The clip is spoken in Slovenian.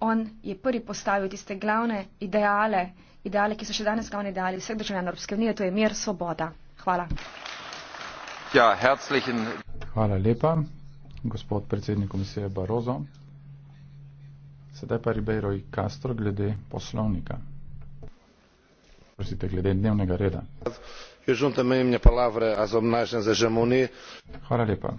on je prvi postavil tiste glavne ideale, ideale, ki so še danes glavne ideale vseh državljanov Evropske unije, to je mir, svoboda. Hvala. Ja, herzlichen... Hvala lepa, gospod predsednik komisije Barozo. Sedaj pa Ribeiro in Castro glede poslovnika. Prosite, glede dnevnega reda. Hvala lepa.